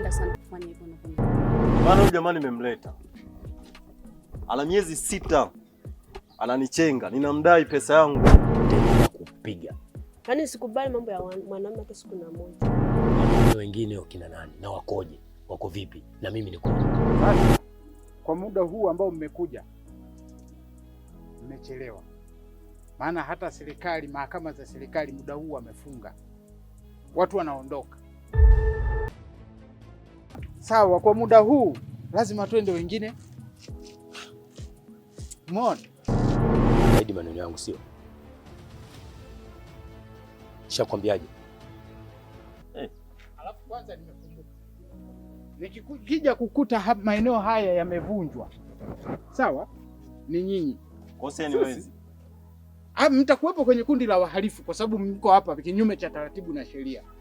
Napenda sana kufanya hivyo na huyu jamani nimemleta. Ana miezi sita. Ananichenga, ninamdai pesa yangu. Kupiga. Yaani sikubali mambo ya mwanamume hata siku na moja. Wengine wakina nani na wakoje? Wako vipi? Na mimi niko. kwa muda huu ambao mmekuja mmechelewa. Maana hata serikali, mahakama za serikali muda huu wamefunga. Watu wanaondoka sawa, kwa muda huu lazima tuende wengine. Umeona zaidi maneno yangu, sio shakwambiaje? Eh. Alafu kwanza nimekumbuka nikija kukuta ha maeneo haya yamevunjwa, sawa, ni nyinyi mtakuwepo kwenye kundi la wahalifu kwa sababu mko hapa kinyume cha taratibu na sheria.